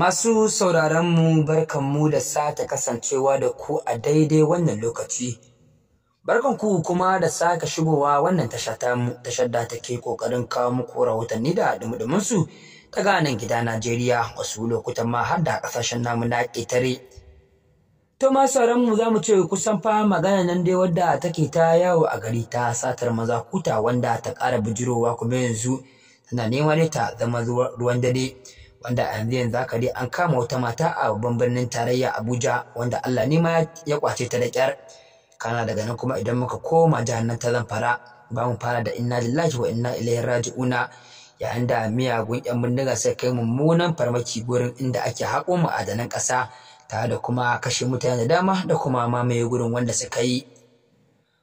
Masu sauraronmu barkanmu da sake kasancewa da ku a daidai wannan lokaci. Barkanku kuma da sake shigowa wannan tashar da take ƙoƙarin kawo muku rahotanni da dumudumunsu ta ganin gida Najeriya wasu lokutan ma har da ƙasashen namu na ƙetare. To ma za mu ce kusan fa magana nan dai wadda take ta yawo a gari ta satar maza kuta wanda ta ƙara bijirowa kuma yanzu tana nema ne ta zama ruwan dare. wanda a yanzu yanzu haka dai an kama wata mata a babban birnin tarayya Abuja wanda Allah ne ma ya kwace ta da kyar kana daga nan kuma idan muka koma jahar nan ta Zamfara ba mu fara da inna lillahi wa inna ilaihi raji'una yayin da miyagun yan bindiga suka kai mummunan farmaki gurin inda ake haƙo ma'adanan ƙasa tare da kuma kashe mutane da dama da kuma mamaye gurin wanda suka yi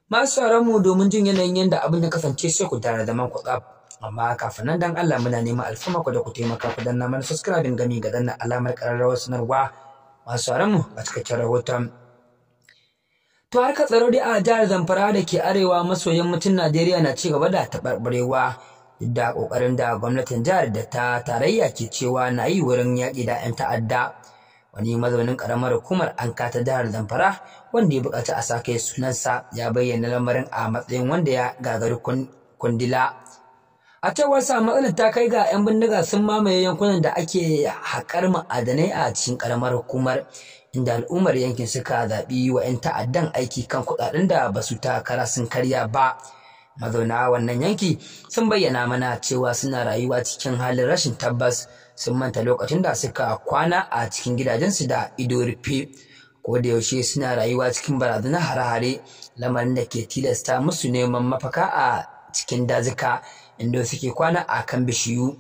masu mu domin jin yanayin yadda abin ya kasance sai ku tare da man kwatsaf amma kafin nan dan Allah muna neman alfarma ku da ku taimaka ku danna mana subscribing gami ga danna alamar ƙararrawar sanarwa masu mu a cikakken rahoton to har tsaro dai a jihar Zamfara da ke arewa maso yammacin Najeriya na ci gaba da taɓarɓarewa da ƙoƙarin da gwamnatin jihar da ta tarayya ke cewa na yi wurin yaƙi da 'yan ta'adda wani mazaunin karamar hukumar an kata jihar zamfara wanda ya bukaci a sake sunansa ya bayyana lamarin a matsayin wanda ya gagari kundila a cewar sa matsalar ta kai ga 'yan bindiga sun mamaye yankunan da ake haƙar ma'adanai a cikin karamar hukumar inda al'ummar yankin suka zaɓi wa 'yan ta'addan aiki kan kuɗaɗen da ba su takara sun karya ba mazauna wannan yanki sun bayyana mana cewa suna rayuwa cikin halin rashin tabbas sun manta lokacin da suka kwana a cikin gidajensu da ido rufe ko da yaushe suna rayuwa cikin barazanar hare-hare lamarin da ke tilasta musu neman mafaka a cikin dazuka inda suke kwana a kan bishiyu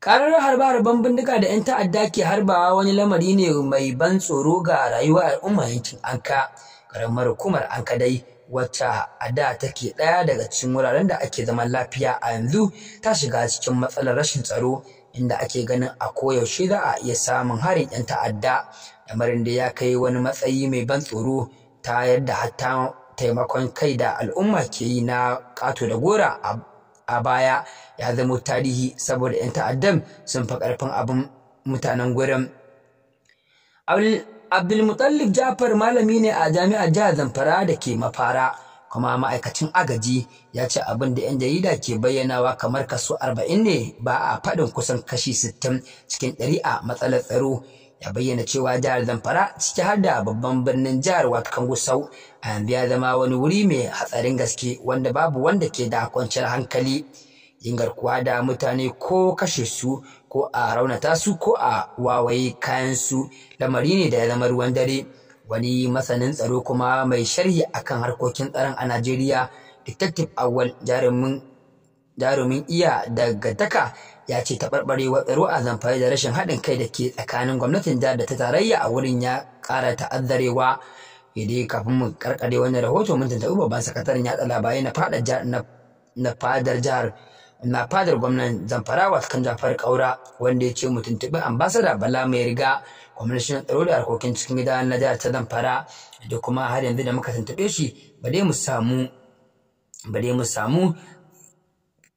Karar harba harban bindiga da 'yan ta'adda ke harbawa wani lamari ne mai ban tsoro ga rayuwar al'umma yankin Anka, karamar hukumar Anka dai wacce a da take ɗaya daga cikin wuraren da ake zaman lafiya a yanzu ta shiga cikin matsalar rashin tsaro inda ake ganin a koyaushe za a iya samun harin 'yan ta'adda lamarin da ya kai wani matsayi mai ban tsoro ta yadda hatta taimakon kai da al'umma ke yi na ƙato da gora a baya ya zama tarihi saboda 'yan ta'addan sun fi ƙarfin abin mutanen gurin Abdulmutallif Jafar malami ne a jami'ar jihar Zamfara da ke mafara kuma ma'aikacin agaji ya ce abin da 'yan jarida ke bayyanawa kamar kaso 40 ne ba a faɗin kusan kashi 60 cikin ɗari a matsalar tsaro ya bayyana cewa jihar Zamfara ciki har da babban birnin jihar Wakan sau a yanzu ya zama wani wuri mai hatsarin gaske wanda babu wanda ke da kwanciyar hankali yin garkuwa da mutane ko kashe su ko a raunata su ko a wawaye kayan su lamari ne da ya zama ruwan dare wani masanin tsaro kuma mai sharhi akan harkokin tsaron a Najeriya detective awal jarumin jarumin iya daga daka ya ce taɓarɓarewar tsaro a zamfari da rashin haɗin kai da ke tsakanin gwamnatin jihar da ta tarayya a wurin ya ƙara ta'azzarewa dai kafin mu karkade wannan rahoto mun tuntuɓi babban sakataren yaɗa labarai na fadar na fadar jihar na fadar gwamnan zamfara wasu kan jafar kaura wanda ya ce mu tuntuɓi ambasada bala mai riga kwamishinan tsaro da harkokin cikin gida na jihar ta zamfara da kuma har yanzu da muka tuntuɓe shi ba dai mu samu ba dai mu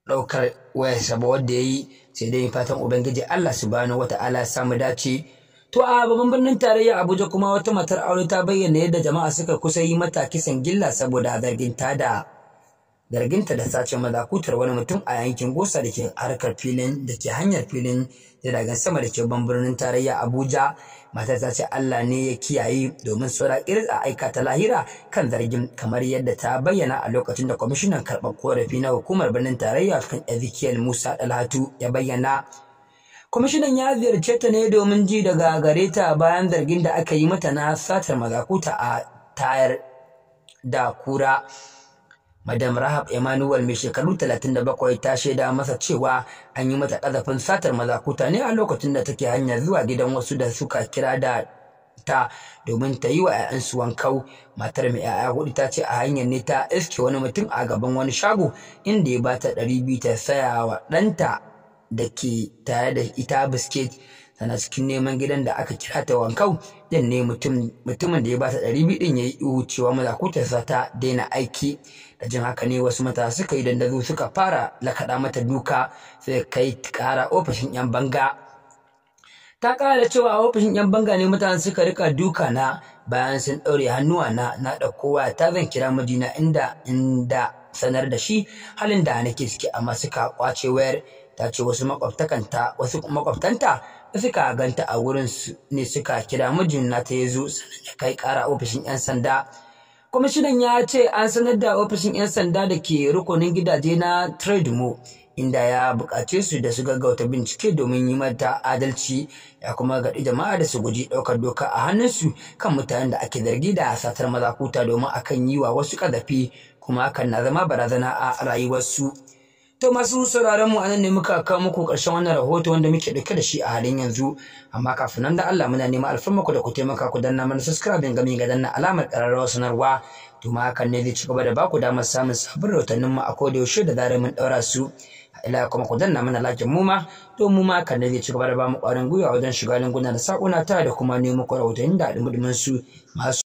ɗaukar wayarsa ba wadda ya yi sai dai fatan ubangiji allah su subhanahu wata'ala ya samu dace To a babban birnin tarayya Abuja kuma wata matar aure ta bayyana yadda jama'a suka kusa yi mata kisan gilla saboda zargin ta da zarginta da sace mazakutar wani mutum a yankin gosa da ke harkar filin da ke hanyar filin jiragen sama da ke ban birnin tarayya abuja matar ta ce allah ne ya kiyaye domin saura a aika ta lahira kan zargin kamar yadda ta bayyana a lokacin da kwamishinan karɓar korafi na hukumar birnin tarayya kan ezekiel musa dalhatu ya bayyana kwamishinan ya ziyarce ta ne domin ji daga gare ta bayan zargin da aka yi mata na satar mazakuta a tayar da kura Madam Rahab Emmanuel mai shekaru 37 ta shaida masa cewa an yi mata ƙazafin satar mazakuta ne a lokacin da take hanyar zuwa gidan wasu da suka kira da ta domin ta yi wa 'ya'yansu wankau matar mai 'ya'ya hudu ta ce a hanyar ne ta iske wani mutum a gaban wani shago inda ya bata ɗari biyu ta saya wa ɗanta da ke tare da ita biskit tana cikin neman gidan da aka kira ta wankau din ne mutumin da ya bata ɗari biyu ɗin ya yi ihu cewa mazakutarsa ta daina aiki da jin haka ne wasu mata suka yi dandazo suka fara lakaɗa mata duka sai kai ƙara ofishin yan banga ta ƙara cewa a ofishin yan banga ne mutane suka rika duka na bayan sun ɗaure hannuwa na na ɗaukowa ta zan kira mijina inda inda sanar da shi halin da nake ciki amma suka kwace wayar ta ce wasu makwabtakanta wasu makwabtanta suka ganta a wurin ne suka kira mijin na ta yazo sannan ya kai ƙara ofishin yan sanda kwamishinan ya ce an sanar da ofishin 'yan sanda da ke rukunin gidaje na trademo inda ya buƙace su da su gaggauta bincike domin yi mata adalci ya kuma gaɗi jama'a da su guji ɗaukar doka a hannunsu kan mutanen da ake zargi da satar mazakuta domin akan yi wa wasu ƙazafi kuma hakan na zama barazana a rayuwarsu. To masu sauraron mu anan ne muka kawo muku ƙarshen wannan rahoto wanda muke ɗauke da shi a halin yanzu amma kafin nan da Allah muna neman alfarma ku da ku taimaka ku danna mana subscribe gami ga danna alamar ƙararrawar sanarwa to ma hakan ne zai ci gaba da ba ku damar samun sabbin rahotannin mu a da yaushe da zarar mun ɗaura su ila kuma ku danna mana lakin mu ma to mu ma hakan ne zai ci gaba da ba mu ƙwarin gwiwa wajen shiga linguna da saƙuna ta da kuma nemo ku rahotannin da al'ummin su masu